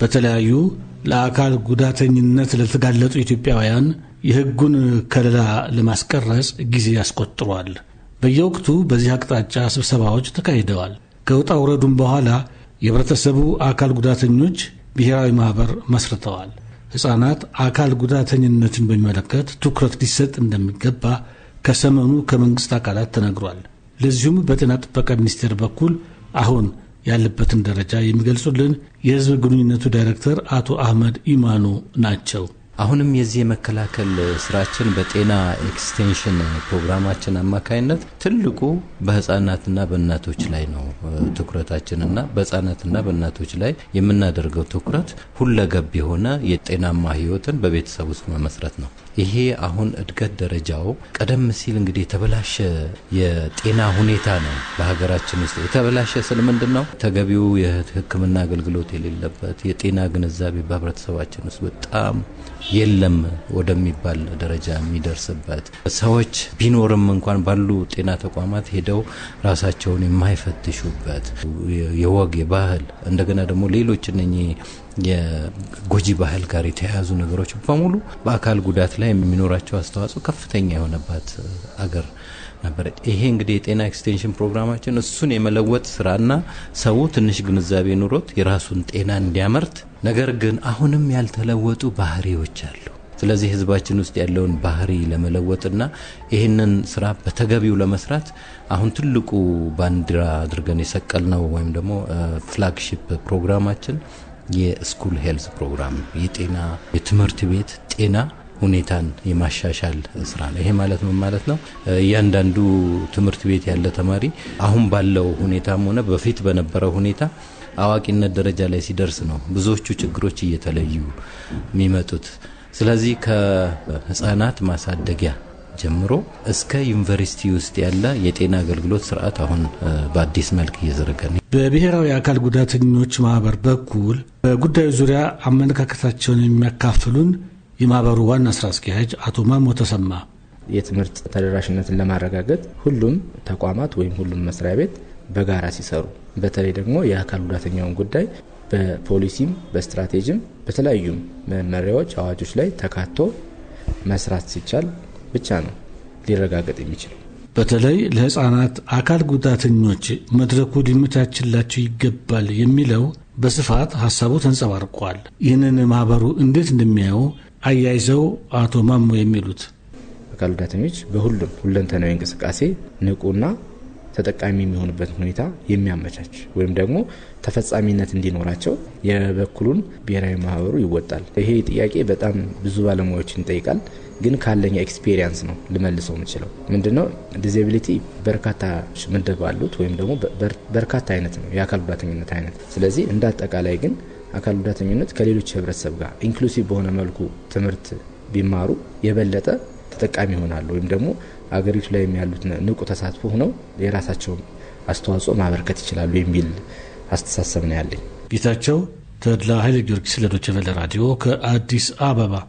በተለያዩ ለአካል ጉዳተኝነት ለተጋለጡ ኢትዮጵያውያን የሕጉን ከለላ ለማስቀረጽ ጊዜ ያስቆጥሯል። በየወቅቱ በዚህ አቅጣጫ ስብሰባዎች ተካሂደዋል። ከውጣ ውረዱም በኋላ የህብረተሰቡ አካል ጉዳተኞች ብሔራዊ ማኅበር መስርተዋል። ሕፃናት አካል ጉዳተኝነትን በሚመለከት ትኩረት ሊሰጥ እንደሚገባ ከሰመኑ ከመንግሥት አካላት ተነግሯል። ለዚሁም በጤና ጥበቃ ሚኒስቴር በኩል አሁን ያለበትን ደረጃ የሚገልጹልን የህዝብ ግንኙነቱ ዳይሬክተር አቶ አህመድ ኢማኑ ናቸው። አሁንም የዚህ የመከላከል ስራችን በጤና ኤክስቴንሽን ፕሮግራማችን አማካኝነት ትልቁ በህፃናትና በእናቶች ላይ ነው ትኩረታችንና በህፃናትና በእናቶች ላይ የምናደርገው ትኩረት ሁለገብ የሆነ የጤናማ ህይወትን በቤተሰብ ውስጥ መመስረት ነው። ይሄ አሁን እድገት ደረጃው ቀደም ሲል እንግዲህ የተበላሸ የጤና ሁኔታ ነው በሀገራችን ውስጥ። የተበላሸ ስል ምንድን ነው? ተገቢው የህክምና አገልግሎት የሌለበት የጤና ግንዛቤ በህብረተሰባችን ውስጥ በጣም የለም ወደሚባል ደረጃ የሚደርስበት ሰዎች ቢኖርም እንኳን ባሉ ጤና ተቋማት ሄደው ራሳቸውን የማይፈትሹበት የወግ የባህል እንደገና ደግሞ ሌሎች እነኚህ የጎጂ ባህል ጋር የተያያዙ ነገሮች በሙሉ በአካል ጉዳት ላይ የሚኖራቸው አስተዋጽኦ ከፍተኛ የሆነባት አገር ነበረ። ይሄ እንግዲህ የጤና ኤክስቴንሽን ፕሮግራማችን እሱን የመለወጥ ስራና ሰው ትንሽ ግንዛቤ ኑሮት የራሱን ጤና እንዲያመርት ነገር ግን አሁንም ያልተለወጡ ባህሪዎች አሉ። ስለዚህ ህዝባችን ውስጥ ያለውን ባህሪ ለመለወጥና ይህንን ስራ በተገቢው ለመስራት አሁን ትልቁ ባንዲራ አድርገን የሰቀልነው ወይም ደግሞ ፍላግሺፕ ፕሮግራማችን የስኩል ሄልዝ ፕሮግራም የጤና የትምህርት ቤት ጤና ሁኔታን የማሻሻል ስራ ነው። ይሄ ማለት ምን ማለት ነው? እያንዳንዱ ትምህርት ቤት ያለ ተማሪ አሁን ባለው ሁኔታም ሆነ በፊት በነበረው ሁኔታ አዋቂነት ደረጃ ላይ ሲደርስ ነው ብዙዎቹ ችግሮች እየተለዩ የሚመጡት። ስለዚህ ከህጻናት ማሳደጊያ ጀምሮ እስከ ዩኒቨርሲቲ ውስጥ ያለ የጤና አገልግሎት ስርዓት አሁን በአዲስ መልክ እየዘረገ ነው። በብሔራዊ የአካል ጉዳተኞች ማህበር በኩል በጉዳዩ ዙሪያ አመለካከታቸውን የሚያካፍሉን የማህበሩ ዋና ስራ አስኪያጅ አቶ ማሞ ተሰማ የትምህርት ተደራሽነትን ለማረጋገጥ ሁሉም ተቋማት ወይም ሁሉም መስሪያ ቤት በጋራ ሲሰሩ በተለይ ደግሞ የአካል ጉዳተኛውን ጉዳይ በፖሊሲም በስትራቴጂም በተለያዩም መመሪያዎች፣ አዋጆች ላይ ተካቶ መስራት ሲቻል ብቻ ነው ሊረጋገጥ የሚችለው። በተለይ ለህፃናት አካል ጉዳተኞች መድረኩ ሊመቻችላቸው ይገባል የሚለው በስፋት ሀሳቡ ተንጸባርቋል። ይህንን ማህበሩ እንዴት እንደሚያየው አያይዘው አቶ ማሞ የሚሉት አካል ጉዳተኞች በሁሉም ሁለንተናዊ እንቅስቃሴ ንቁና ተጠቃሚ የሚሆኑበት ሁኔታ የሚያመቻች ወይም ደግሞ ተፈጻሚነት እንዲኖራቸው የበኩሉን ብሔራዊ ማህበሩ ይወጣል። ይሄ ጥያቄ በጣም ብዙ ባለሙያዎችን ይጠይቃል። ግን ካለኛ ኤክስፔሪንስ ነው ልመልሰው የምችለው ምንድነው፣ ዲዚብሊቲ በርካታ ምድብ አሉት ወይም ደግሞ በርካታ አይነት ነው የአካል ጉዳተኝነት አይነት። ስለዚህ እንደ አጠቃላይ ግን አካል ጉዳተኝነት ከሌሎች ህብረተሰብ ጋር ኢንክሉሲቭ በሆነ መልኩ ትምህርት ቢማሩ የበለጠ ተጠቃሚ ይሆናሉ ወይም ደግሞ አገሪቱ ላይ ያሉት ንቁ ተሳትፎ ሆነው የራሳቸውን አስተዋጽኦ ማበርከት ይችላሉ የሚል አስተሳሰብ ነው ያለኝ። ጌታቸው ተድላ ኃይለ ጊዮርጊስ ለዶቸቨለ ራዲዮ ከአዲስ አበባ